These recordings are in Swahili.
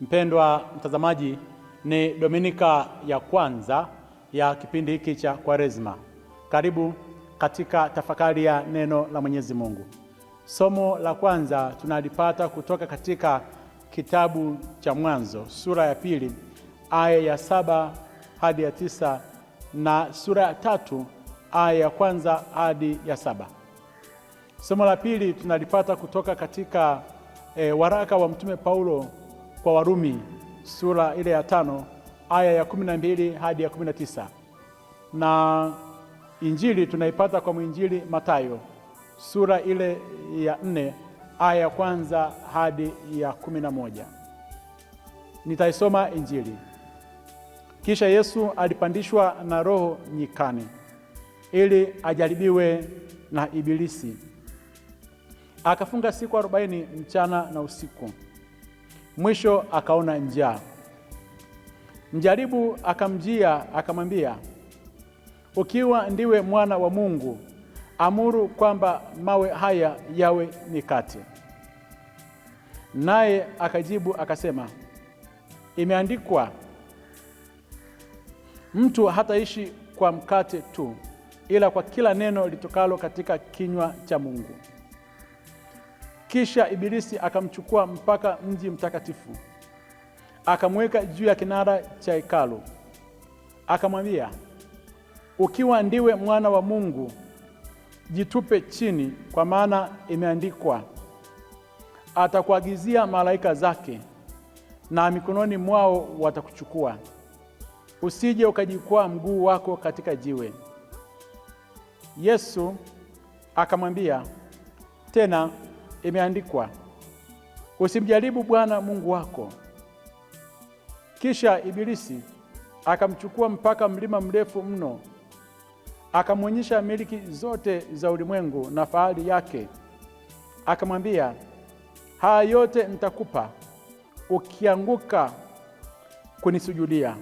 Mpendwa mtazamaji, ni Dominika ya kwanza ya kipindi hiki cha Kwaresma. Karibu katika tafakari ya neno la Mwenyezi Mungu. Somo la kwanza tunalipata kutoka katika kitabu cha Mwanzo sura ya pili aya ya saba hadi ya tisa na sura ya tatu aya ya kwanza hadi ya saba. Somo la pili tunalipata kutoka katika e, waraka wa Mtume Paulo kwa Warumi sura ile ya tano aya ya kumi na mbili hadi ya kumi na tisa na injili tunaipata kwa mwinjili Matayo sura ile ya nne aya ya kwanza hadi ya kumi na moja. Nitaisoma injili. Kisha Yesu alipandishwa na Roho nyikani ili ajaribiwe na Ibilisi, akafunga siku arobaini mchana na usiku. Mwisho akaona njaa. Mjaribu akamjia akamwambia, ukiwa ndiwe mwana wa Mungu, amuru kwamba mawe haya yawe mikate. Naye akajibu akasema, imeandikwa, mtu hataishi kwa mkate tu, ila kwa kila neno litokalo katika kinywa cha Mungu. Kisha Ibilisi akamchukua mpaka mji mtakatifu, akamweka juu ya kinara cha hekalu, akamwambia, ukiwa ndiwe mwana wa Mungu, jitupe chini, kwa maana imeandikwa, atakuagizia malaika zake, na mikononi mwao watakuchukua, usije ukajikwaa mguu wako katika jiwe. Yesu akamwambia tena imeandikwa, usimjaribu Bwana Mungu wako. Kisha Ibilisi akamchukua mpaka mlima mrefu mno, akamwonyesha miliki zote za ulimwengu na fahari yake, akamwambia, haya yote nitakupa ukianguka kunisujudia.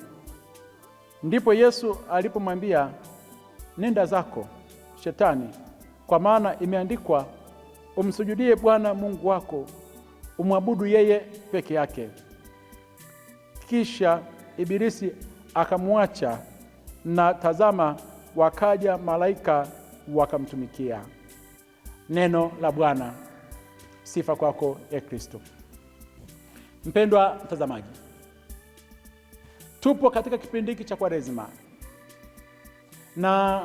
Ndipo Yesu alipomwambia, nenda zako Shetani, kwa maana imeandikwa umsujudie Bwana Mungu wako, umwabudu yeye peke yake. Kisha Ibilisi akamwacha, na tazama, wakaja malaika wakamtumikia. Neno la Bwana. Sifa kwako e Kristo. Mpendwa mtazamaji, tupo katika kipindi hiki cha Kwaresima, na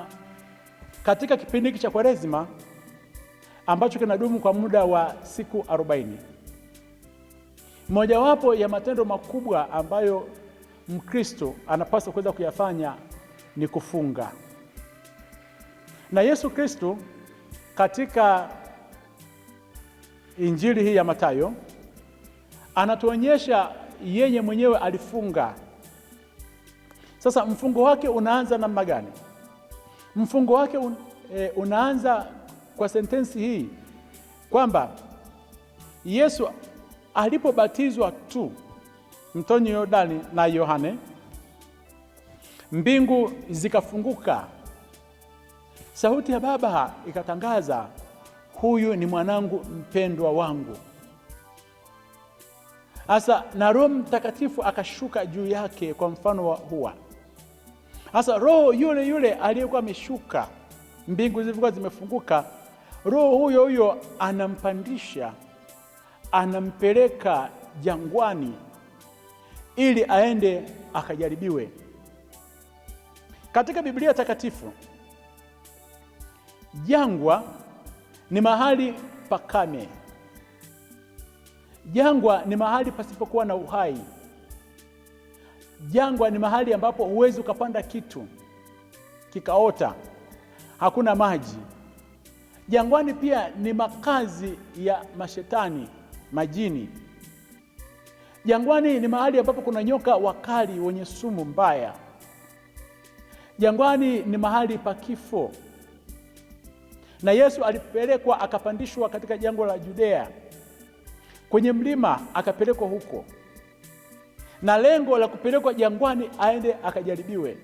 katika kipindi hiki cha Kwaresima ambacho kinadumu kwa muda wa siku arobaini. Mojawapo ya matendo makubwa ambayo Mkristo anapaswa kuweza kuyafanya ni kufunga, na Yesu Kristo katika Injili hii ya Mathayo anatuonyesha yeye mwenyewe alifunga. Sasa mfungo wake unaanza namna gani? Mfungo wake un, e, unaanza kwa sentensi hii kwamba Yesu alipobatizwa tu mtoni Yordani na Yohane, mbingu zikafunguka, sauti ya Baba ikatangaza, huyu ni mwanangu mpendwa wangu. Hasa na Roho Mtakatifu akashuka juu yake kwa mfano wa hua. Hasa Roho yule yule aliyekuwa ameshuka, mbingu zilikuwa zimefunguka roho huyo huyo anampandisha, anampeleka jangwani ili aende akajaribiwe. Katika Biblia Takatifu, jangwa ni mahali pakame, jangwa ni mahali pasipokuwa na uhai, jangwa ni mahali ambapo huwezi ukapanda kitu kikaota, hakuna maji Jangwani pia ni makazi ya mashetani majini. Jangwani ni mahali ambapo kuna nyoka wakali wenye sumu mbaya. Jangwani ni mahali pa kifo, na Yesu alipelekwa akapandishwa katika jangwa la Judea kwenye mlima, akapelekwa huko na lengo la kupelekwa jangwani aende akajaribiwe.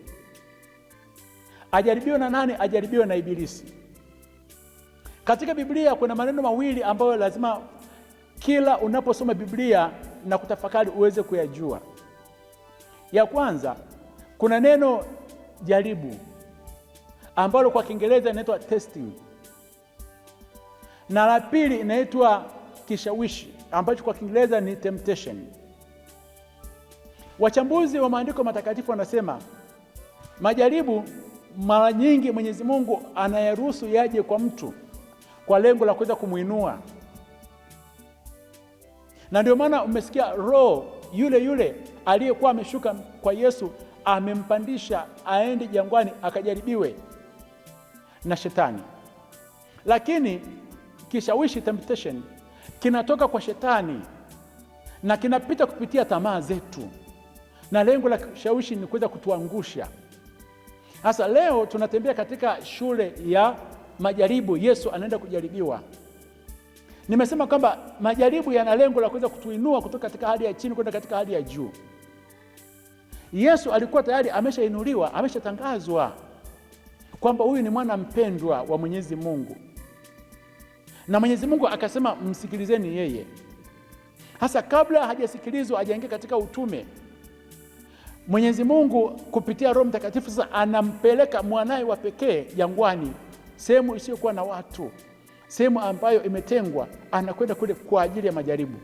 Ajaribiwe na nani? Ajaribiwe na Ibilisi. Katika Biblia kuna maneno mawili ambayo lazima kila unaposoma Biblia na kutafakari uweze kuyajua. Ya kwanza kuna neno jaribu ambalo kwa Kiingereza inaitwa testing, na la pili inaitwa kishawishi ambacho kwa Kiingereza ni temptation. Wachambuzi wa maandiko matakatifu wanasema majaribu mara nyingi Mwenyezi Mungu anayaruhusu yaje kwa mtu kwa lengo la kuweza kumwinua. Na ndio maana umesikia roho yule yule aliyekuwa ameshuka kwa Yesu amempandisha aende jangwani akajaribiwe na shetani, lakini kishawishi temptation kinatoka kwa shetani na kinapita kupitia tamaa zetu, na lengo la kishawishi ni kuweza kutuangusha. Sasa leo tunatembea katika shule ya majaribu, Yesu anaenda kujaribiwa. Nimesema kwamba majaribu yana lengo la kuweza kutuinua kutoka katika hali ya chini kwenda katika hali ya juu. Yesu alikuwa tayari ameshainuliwa, ameshatangazwa kwamba huyu ni mwana mpendwa wa Mwenyezi Mungu, na Mwenyezi Mungu akasema msikilizeni yeye. Hasa kabla hajasikilizwa, hajaingia katika utume, Mwenyezi Mungu kupitia Roho Mtakatifu sasa anampeleka mwanaye wa pekee jangwani sehemu isiyokuwa na watu, sehemu ambayo imetengwa, anakwenda kule kwa ajili ya majaribu.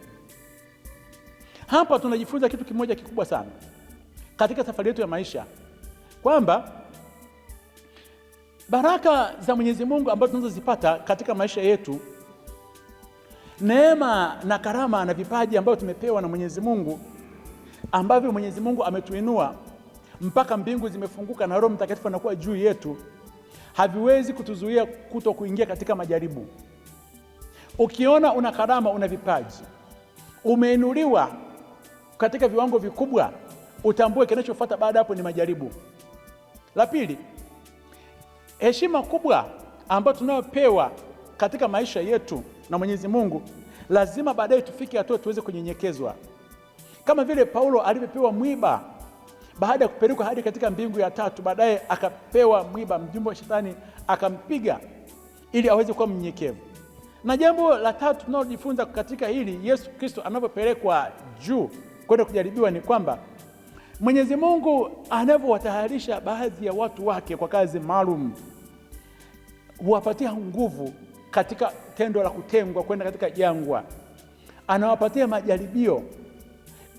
Hapa tunajifunza kitu kimoja kikubwa sana katika safari yetu ya maisha kwamba baraka za Mwenyezi Mungu ambazo tunazozipata katika maisha yetu, neema na karama na vipaji ambavyo tumepewa na Mwenyezi Mungu, ambavyo Mwenyezi Mungu ametuinua mpaka mbingu zimefunguka na Roho Mtakatifu anakuwa juu yetu haviwezi kutuzuia kuto kuingia katika majaribu. Ukiona una karama, una vipaji, umeinuliwa katika viwango vikubwa, utambue kinachofuata baada hapo ni majaribu. La pili, heshima kubwa ambayo tunayopewa katika maisha yetu na Mwenyezi Mungu lazima baadaye tufike hatua tuweze kunyenyekezwa, kama vile Paulo alivyopewa mwiba baada ya kupelekwa hadi katika mbingu ya tatu, baadaye akapewa mwiba, mjumbe wa shetani akampiga ili aweze kuwa mnyenyekevu. Na jambo la tatu tunalojifunza katika hili, Yesu Kristo anapopelekwa juu kwenda kujaribiwa, ni kwamba Mwenyezi Mungu anavyowatayarisha baadhi ya watu wake kwa kazi maalum, huwapatia nguvu katika tendo la kutengwa kwenda katika jangwa, anawapatia majaribio,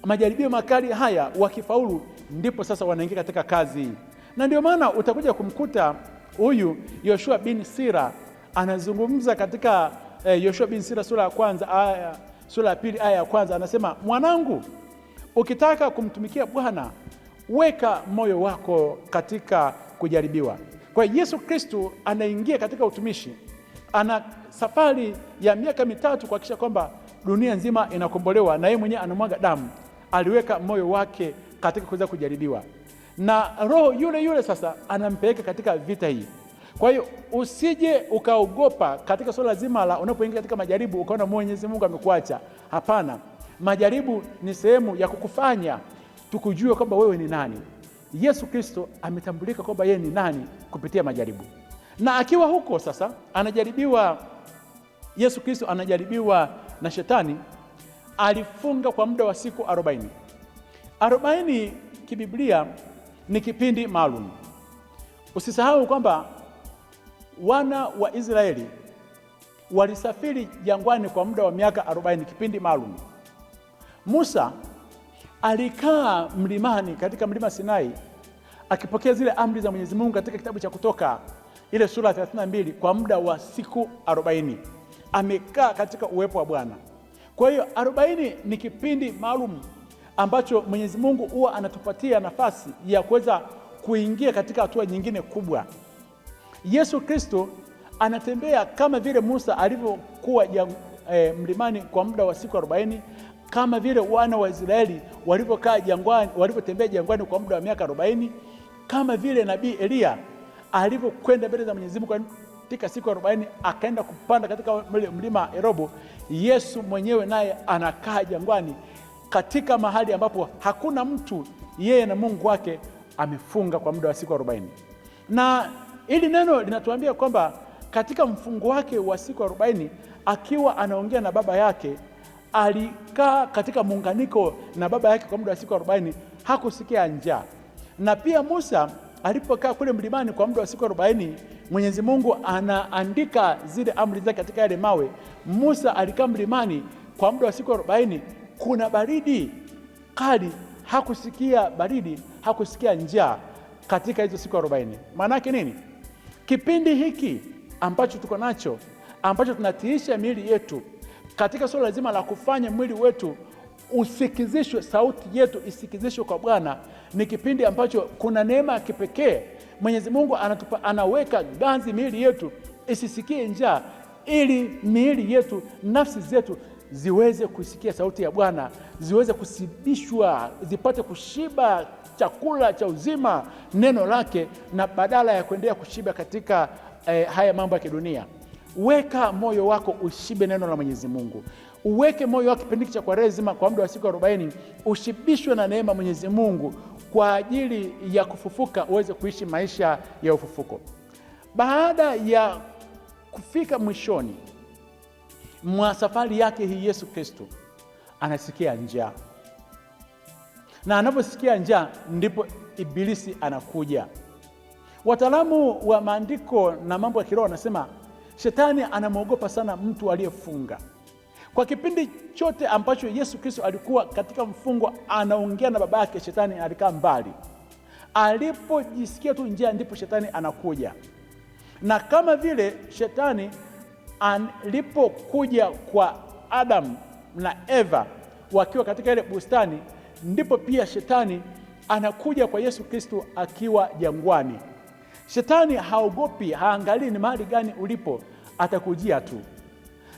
majaribio makali haya wakifaulu ndipo sasa wanaingia katika kazi hii, na ndio maana utakuja kumkuta huyu Yoshua bin Sira anazungumza katika eh, Yoshua bin Sira sura ya kwanza aya, sura ya pili aya ya kwanza anasema, mwanangu, ukitaka kumtumikia Bwana weka moyo wako katika kujaribiwa. Kwa hiyo Yesu Kristu anaingia katika utumishi, ana safari ya miaka mitatu kuhakikisha kwamba dunia nzima inakombolewa, na yeye mwenyewe anamwaga damu, aliweka moyo wake katika kuweza kujaribiwa, na roho yule yule sasa anampeleka katika vita hii. Kwa hiyo usije ukaogopa katika suala zima la unapoingia katika majaribu ukaona Mwenyezi Mungu amekuacha. Hapana, majaribu ni sehemu ya kukufanya tukujue kwamba wewe ni nani. Yesu Kristo ametambulika kwamba yeye ni nani kupitia majaribu, na akiwa huko sasa anajaribiwa. Yesu Kristo anajaribiwa na Shetani, alifunga kwa muda wa siku arobaini. Arobaini kibiblia ni kipindi maalum. Usisahau kwamba wana wa Israeli walisafiri jangwani kwa muda wa miaka arobaini, kipindi maalum. Musa alikaa mlimani katika mlima Sinai akipokea zile amri za Mwenyezi Mungu katika kitabu cha Kutoka ile sura ya 32 kwa muda wa siku arobaini amekaa katika uwepo wa Bwana. Kwa hiyo arobaini ni kipindi maalum ambacho Mwenyezi Mungu huwa anatupatia nafasi ya kuweza kuingia katika hatua nyingine kubwa. Yesu Kristo anatembea kama vile Musa alivyokuwa e, mlimani kwa muda wa siku arobaini kama vile wana wa Israeli walivyokaa jangwani, walivyotembea jangwani kwa muda wa miaka arobaini kama vile nabii Eliya alivyokwenda mbele za Mwenyezi Mungu katika siku arobaini akaenda kupanda katika mlima Erobo. Yesu mwenyewe naye anakaa jangwani katika mahali ambapo hakuna mtu, yeye na Mungu wake amefunga kwa muda wa siku arobaini. Na hili neno linatuambia kwamba katika mfungo wake wa siku arobaini akiwa anaongea na baba yake, alikaa katika muunganiko na baba yake kwa muda wa siku arobaini, hakusikia njaa. Na pia Musa alipokaa kule mlimani kwa muda wa siku arobaini, Mwenyezi Mungu anaandika zile amri zake katika yale mawe. Musa alikaa mlimani kwa muda wa siku arobaini kuna baridi kali, hakusikia baridi, hakusikia njaa katika hizo siku arobaini. Maana yake nini? Kipindi hiki ambacho tuko nacho ambacho tunatiisha miili yetu katika suala zima la kufanya mwili wetu usikizishwe, sauti yetu isikizishwe kwa Bwana, ni kipindi ambacho kuna neema ya kipekee. Mwenyezi Mungu anatupa, anaweka ganzi miili yetu isisikie njaa, ili miili yetu, nafsi zetu ziweze kusikia sauti ya Bwana, ziweze kusibishwa, zipate kushiba chakula cha uzima, neno lake, na badala ya kuendelea kushiba katika eh, haya mambo ya kidunia. Weka moyo wako ushibe neno la Mwenyezi Mungu, uweke moyo wako kipindi cha Kwaresima kwa muda wa siku arobaini, ushibishwe na neema Mwenyezi Mungu kwa ajili ya kufufuka, uweze kuishi maisha ya ufufuko baada ya kufika mwishoni mwa safari yake hii Yesu Kristo anasikia njaa, na anaposikia njaa ndipo ibilisi anakuja. Wataalamu wa maandiko na mambo ya kiroho wanasema shetani anamwogopa sana mtu aliyefunga. Kwa kipindi chote ambacho Yesu Kristo alikuwa katika mfungo, anaongea na baba yake, shetani alikaa mbali. Alipojisikia tu njaa, ndipo shetani anakuja, na kama vile shetani alipokuja kwa Adamu na Eva wakiwa katika ile bustani, ndipo pia shetani anakuja kwa Yesu Kristo akiwa jangwani. Shetani haogopi, haangalii ni mahali gani ulipo, atakujia tu,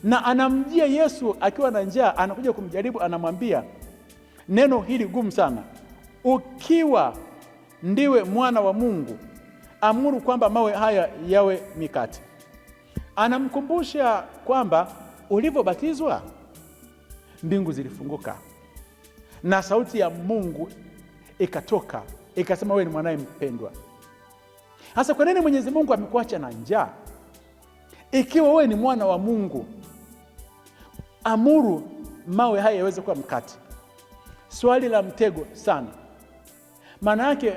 na anamjia Yesu akiwa na njaa, anakuja kumjaribu, anamwambia neno hili gumu sana, ukiwa ndiwe mwana wa Mungu, amuru kwamba mawe haya yawe mikate anamkumbusha kwamba ulivyobatizwa mbingu zilifunguka na sauti ya Mungu ikatoka ikasema, wewe ni mwanaye mpendwa. Hasa kwa nini Mwenyezi Mungu amekuacha na njaa ikiwa wewe ni mwana wa Mungu? Amuru mawe haya yaweze kuwa mkate. Swali la mtego sana, maana yake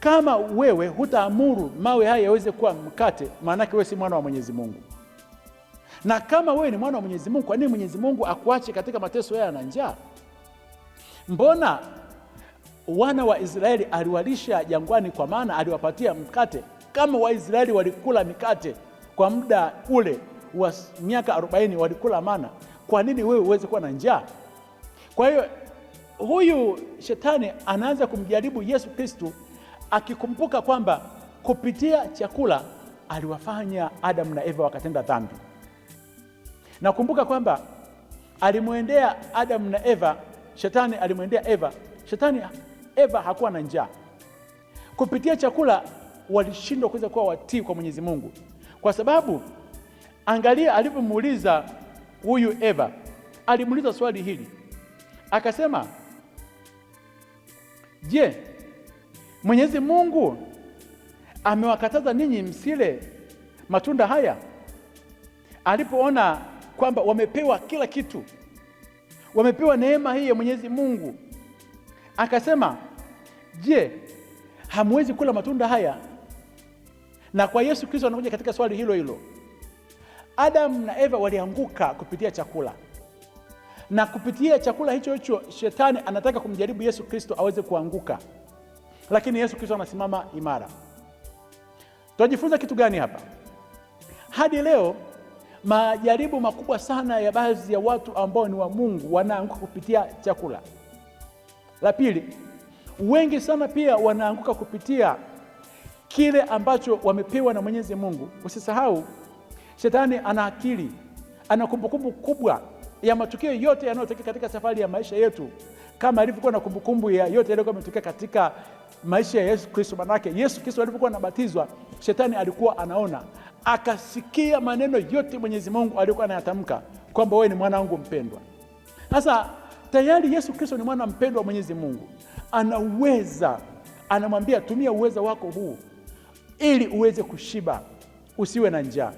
kama wewe hutaamuru mawe haya yaweze kuwa mkate, maanake wewe si mwana wa Mwenyezi Mungu. Na kama wewe ni mwana wa Mwenyezi Mungu, kwa nini Mwenyezi Mungu akuache katika mateso haya na njaa? Mbona wana wa Israeli aliwalisha jangwani, kwa maana aliwapatia mkate. Kama Waisraeli walikula mikate kwa muda ule wa miaka 40 walikula mana, kwa nini wewe uweze kuwa na njaa? Kwa hiyo huyu shetani anaanza kumjaribu Yesu Kristo akikumbuka kwamba kupitia chakula aliwafanya Adamu na Eva wakatenda dhambi. Nakumbuka kwamba alimwendea Adamu na Eva, shetani alimwendea Eva. Shetani, Eva hakuwa na njaa. Kupitia chakula walishindwa kuweza kuwa watii kwa Mwenyezi Mungu, kwa sababu angalia alivyomuuliza huyu Eva, alimuuliza swali hili akasema, je, Mwenyezi Mungu amewakataza ninyi msile matunda haya. Alipoona kwamba wamepewa kila kitu, wamepewa neema hii ya Mwenyezi Mungu, akasema, je, hamwezi kula matunda haya? Na kwa Yesu Kristo anakuja katika swali hilo hilo. Adamu na Eva walianguka kupitia chakula, na kupitia chakula hicho hicho shetani anataka kumjaribu Yesu Kristo aweze kuanguka lakini Yesu Kristo anasimama imara. Tunajifunza kitu gani hapa? Hadi leo majaribu makubwa sana ya baadhi ya watu ambao ni wa Mungu wanaanguka kupitia chakula. La pili, wengi sana pia wanaanguka kupitia kile ambacho wamepewa na Mwenyezi Mungu. Usisahau, shetani ana akili, ana kumbukumbu kubwa ya matukio yote yanayotokea katika safari ya maisha yetu, kama alivyokuwa na kumbukumbu ya yote yaliyokuwa yametokea katika maisha ya Yesu Kristo. Manake Yesu Kristo alipokuwa anabatizwa, shetani alikuwa anaona, akasikia maneno yote Mwenyezi Mungu aliyokuwa anayatamka kwamba wewe ni mwanangu mpendwa. Sasa tayari Yesu Kristo ni mwana mpendwa wa Mwenyezi Mungu, anaweza anamwambia, tumia uweza wako huu ili uweze kushiba, usiwe na njaa.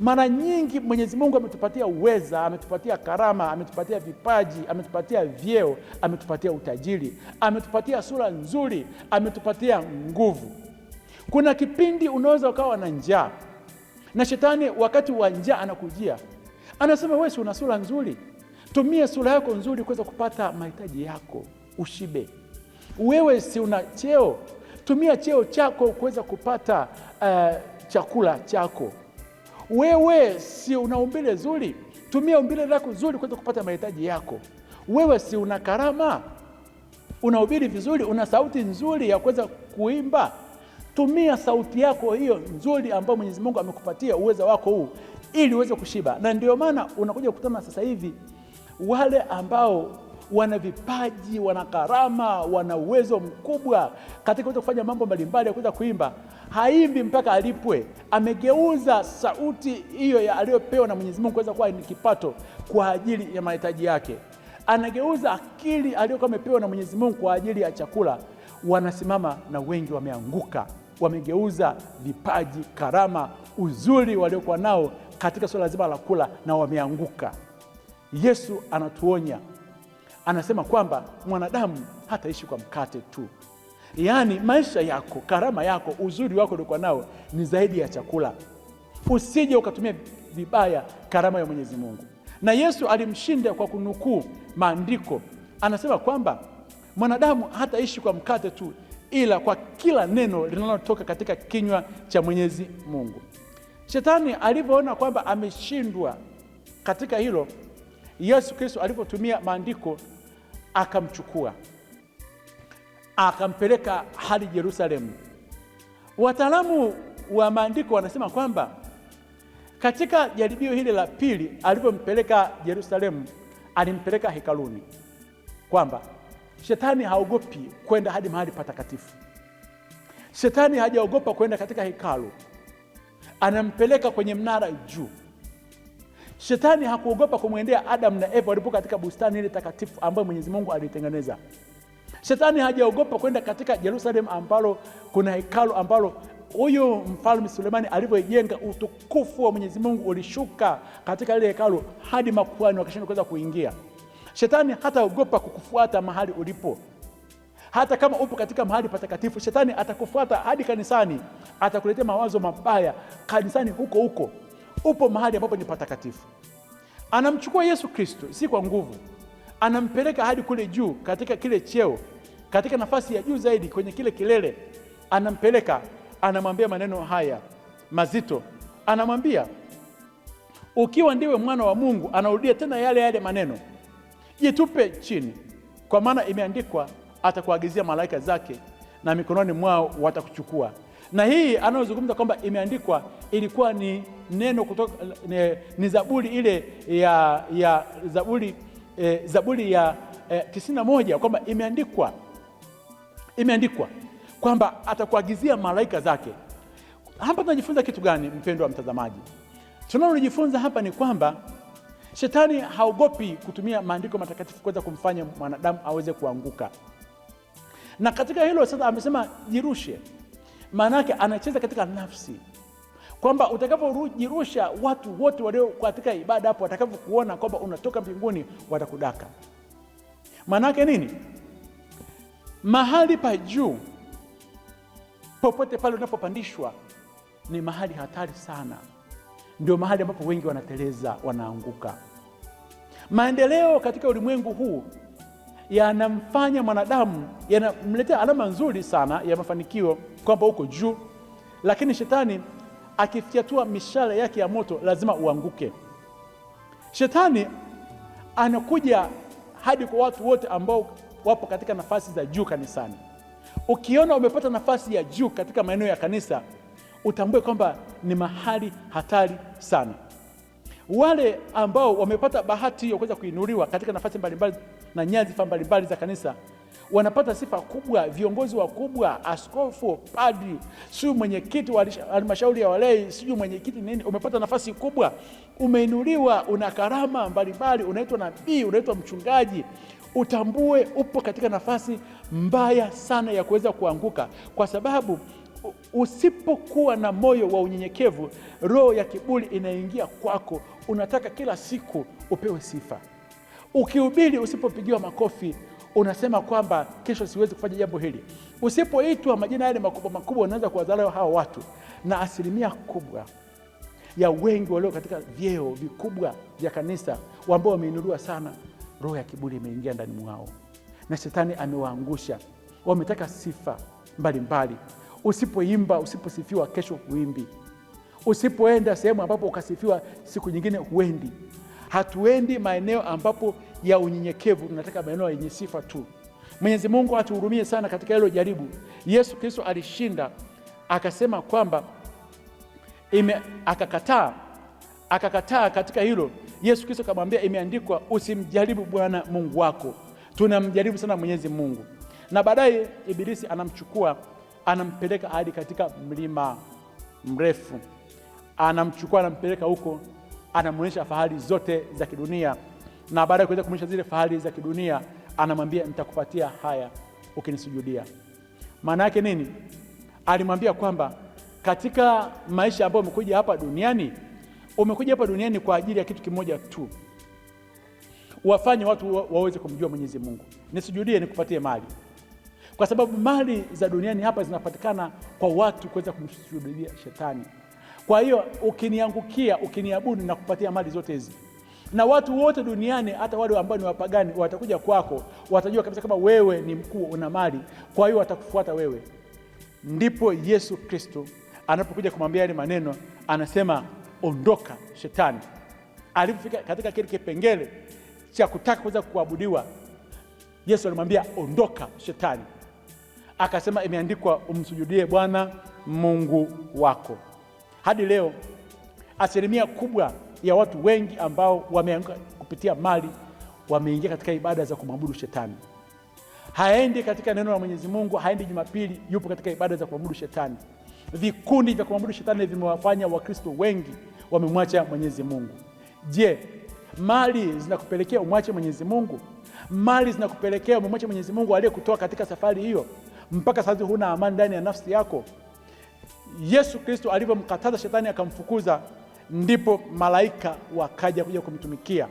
Mara nyingi Mwenyezi Mungu ametupatia uweza, ametupatia karama, ametupatia vipaji, ametupatia vyeo, ametupatia utajiri, ametupatia sura nzuri, ametupatia nguvu. Kuna kipindi unaweza ukawa na njaa, na shetani wakati wa njaa anakujia, anasema wewe una sura nzuri, tumia sura yako nzuri kuweza kupata mahitaji yako, ushibe. Wewe si una cheo, tumia cheo chako kuweza kupata uh, chakula chako wewe si una umbile zuri? Tumia umbile lako zuri kuweza kupata mahitaji yako. Wewe si una karama? Unahubiri vizuri, una sauti nzuri ya kuweza kuimba. Tumia sauti yako hiyo nzuri ambayo Mwenyezi Mungu amekupatia uwezo wako huu, ili uweze kushiba. Na ndio maana unakuja kukutana sasa hivi wale ambao wana vipaji, wana karama, wana uwezo mkubwa katika kuweza kufanya mambo mbalimbali ya kuweza kuimba. Haimbi mpaka alipwe, amegeuza sauti hiyo aliyopewa na Mwenyezi Mungu kuweza kuwa ni kipato kwa ajili ya mahitaji yake, anageuza akili aliyokuwa amepewa na Mwenyezi Mungu kwa ajili ya chakula. Wanasimama na wengi wameanguka, wamegeuza vipaji, karama, uzuri waliokuwa nao katika suala zima la kula na wameanguka. Yesu anatuonya anasema kwamba mwanadamu hataishi kwa mkate tu. Yaani maisha yako, karama yako, uzuri wako uliokuwa nao ni zaidi ya chakula. Usije ukatumia vibaya karama ya Mwenyezi Mungu. Na Yesu alimshinda kwa kunukuu maandiko, anasema kwamba mwanadamu hataishi kwa mkate tu, ila kwa kila neno linalotoka katika kinywa cha Mwenyezi Mungu. Shetani alivyoona kwamba ameshindwa katika hilo, Yesu Kristo alivyotumia maandiko akamchukua akampeleka hadi Yerusalemu. Wataalamu wa maandiko wanasema kwamba katika jaribio hili la pili, alipompeleka Yerusalemu, alimpeleka hekaluni, kwamba shetani haogopi kwenda hadi mahali patakatifu. Shetani hajaogopa kwenda katika hekalu, anampeleka kwenye mnara juu Shetani hakuogopa kumwendea Adam na Eva walipo katika bustani ile takatifu ambayo Mwenyezi Mungu alitengeneza. Shetani hajaogopa kwenda katika Yerusalemu ambalo kuna hekalu ambalo huyu mfalme Sulemani alivyojenga utukufu wa Mwenyezi Mungu ulishuka katika lile hekalu hadi makuhani wakashindwa kuweza kuingia. Shetani hataogopa kukufuata mahali ulipo, hata kama upo katika mahali patakatifu. Shetani atakufuata hadi kanisani, atakuletea mawazo mabaya kanisani huko huko upo mahali ambapo ni patakatifu. Anamchukua Yesu Kristo si kwa nguvu, anampeleka hadi kule juu, katika kile cheo, katika nafasi ya juu zaidi, kwenye kile kilele, anampeleka, anamwambia maneno haya mazito, anamwambia ukiwa ndiwe mwana wa Mungu. Anarudia tena yale yale maneno, jitupe chini, kwa maana imeandikwa, atakuagizia malaika zake na mikononi mwao watakuchukua na hii anayozungumza kwamba imeandikwa ilikuwa ni neno kutoka, ni, ni Zaburi ile ya, ya Zaburi, eh, Zaburi ya eh, tisini na moja kwamba imeandikwa imeandikwa kwamba atakuagizia malaika zake. Hapa tunajifunza kitu gani, mpendwa wa mtazamaji? Tunalojifunza hapa ni kwamba shetani haogopi kutumia maandiko matakatifu kuweza kumfanya mwanadamu aweze kuanguka, na katika hilo sasa amesema jirushe maana yake anacheza katika nafsi, kwamba utakapojirusha watu wote walio katika ibada hapo watakavokuona kwamba unatoka mbinguni watakudaka. yake nini? Mahali pa juu popote pale unapopandishwa ni mahali hatari sana, ndio mahali ambapo wengi wanateleza, wanaanguka. Maendeleo katika ulimwengu huu yanamfanya mwanadamu, yanamletea alama nzuri sana ya mafanikio kwamba uko juu, lakini shetani akifyatua mishale yake ya moto lazima uanguke. Shetani anakuja hadi kwa watu wote ambao wapo katika nafasi za juu kanisani. Ukiona umepata nafasi ya juu katika maeneo ya kanisa, utambue kwamba ni mahali hatari sana. Wale ambao wamepata bahati hiyo kuweza kuinuliwa katika nafasi mbalimbali na nyadhifa mbalimbali za kanisa wanapata sifa kubwa, viongozi wakubwa, askofu, padri, sijui mwenyekiti wa halmashauri ya walei, sijui mwenyekiti nini. Umepata nafasi kubwa, umeinuliwa, una karama mbalimbali, unaitwa nabii, unaitwa mchungaji. Utambue upo katika nafasi mbaya sana ya kuweza kuanguka, kwa sababu usipokuwa na moyo wa unyenyekevu, roho ya kiburi inaingia kwako. Unataka kila siku upewe sifa. Ukihubiri usipopigiwa makofi, unasema kwamba kesho siwezi kufanya jambo hili. Usipoitwa majina yale makubwa makubwa, unaweza kuwadharau hawa watu. Na asilimia kubwa ya wengi walio katika vyeo vikubwa vya kanisa ambao wameinuliwa sana, roho ya kiburi imeingia ndani mwao na shetani amewaangusha. Wametaka sifa mbalimbali mbali. Usipoimba, usiposifiwa, kesho huimbi. Usipoenda sehemu ambapo ukasifiwa, siku nyingine huendi. Hatuendi maeneo ambapo ya unyenyekevu, tunataka maeneo yenye sifa tu. Mwenyezi Mungu atuhurumie sana katika hilo jaribu. Yesu Kristo alishinda, akasema kwamba ime, akakataa akakataa katika hilo. Yesu Kristo akamwambia, imeandikwa usimjaribu Bwana Mungu wako. Tunamjaribu sana Mwenyezi Mungu, na baadaye Ibilisi anamchukua anampeleka hadi katika mlima mrefu, anamchukua anampeleka huko, anamwonyesha fahari zote za kidunia, na baada ya kuweza kumwonyesha zile fahari za kidunia, anamwambia nitakupatia haya ukinisujudia. Maana yake nini? Alimwambia kwamba katika maisha ambayo umekuja hapa duniani, umekuja hapa duniani kwa ajili ya kitu kimoja tu, wafanye watu waweze kumjua Mwenyezi Mungu. Nisujudie nikupatie mali kwa sababu mali za duniani hapa zinapatikana kwa watu kuweza kumshuhudia Shetani. Kwa hiyo ukiniangukia, ukiniabudu, nakupatia mali zote hizi, na watu wote duniani, hata wale ambao ni wapagani, watakuja kwako, watajua kabisa kama wewe ni mkuu, una mali, kwa hiyo watakufuata wewe. Ndipo Yesu Kristo anapokuja kumwambia yale maneno, anasema ondoka Shetani. Alipofika katika kile kipengele cha kutaka kuweza kuabudiwa, Yesu alimwambia ondoka Shetani akasema imeandikwa, umsujudie Bwana Mungu wako. Hadi leo asilimia kubwa ya watu wengi ambao wameanguka kupitia mali wameingia katika ibada za kumwabudu shetani. Haendi katika neno la Mwenyezi Mungu, haendi Jumapili, yupo katika ibada za kumwabudu shetani. Vikundi vya kumwabudu shetani vimewafanya Wakristo wengi wamemwacha Mwenyezi Mungu. Je, mali zinakupelekea umwache Mwenyezi Mungu? Mali zinakupelekea umemwache Mwenyezi Mungu aliyekutoa katika safari hiyo? mpaka sasa huna amani ndani ya nafsi yako. Yesu Kristo alivyomkataza shetani akamfukuza, ndipo malaika wakaja kuja kumtumikia,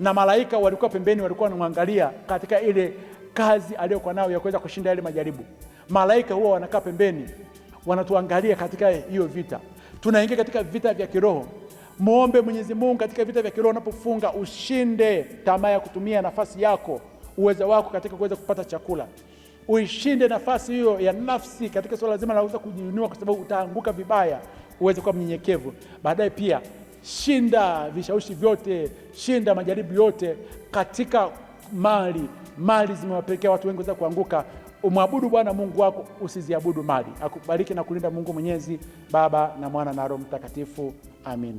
na malaika walikuwa pembeni, walikuwa wanamwangalia katika ile kazi aliyokuwa nayo ya kuweza kushinda yale majaribu. Malaika huwa wanakaa pembeni, wanatuangalia katika hiyo vita. Tunaingia katika vita vya kiroho. Mwombe Mwenyezi Mungu katika vita vya kiroho, unapofunga ushinde tamaa ya kutumia nafasi yako, uwezo wako katika kuweza kupata chakula uishinde nafasi hiyo ya nafsi katika suala zima la kuweza kujiinua, kwa sababu utaanguka vibaya, uweze kuwa mnyenyekevu. Baadaye pia shinda vishawishi vyote, shinda majaribu yote katika mali. Mali zimewapelekea watu wengi weza kuanguka. Umwabudu Bwana Mungu wako, usiziabudu mali. Akubariki na kulinda Mungu Mwenyezi, Baba na Mwana na Roho Mtakatifu. Amina.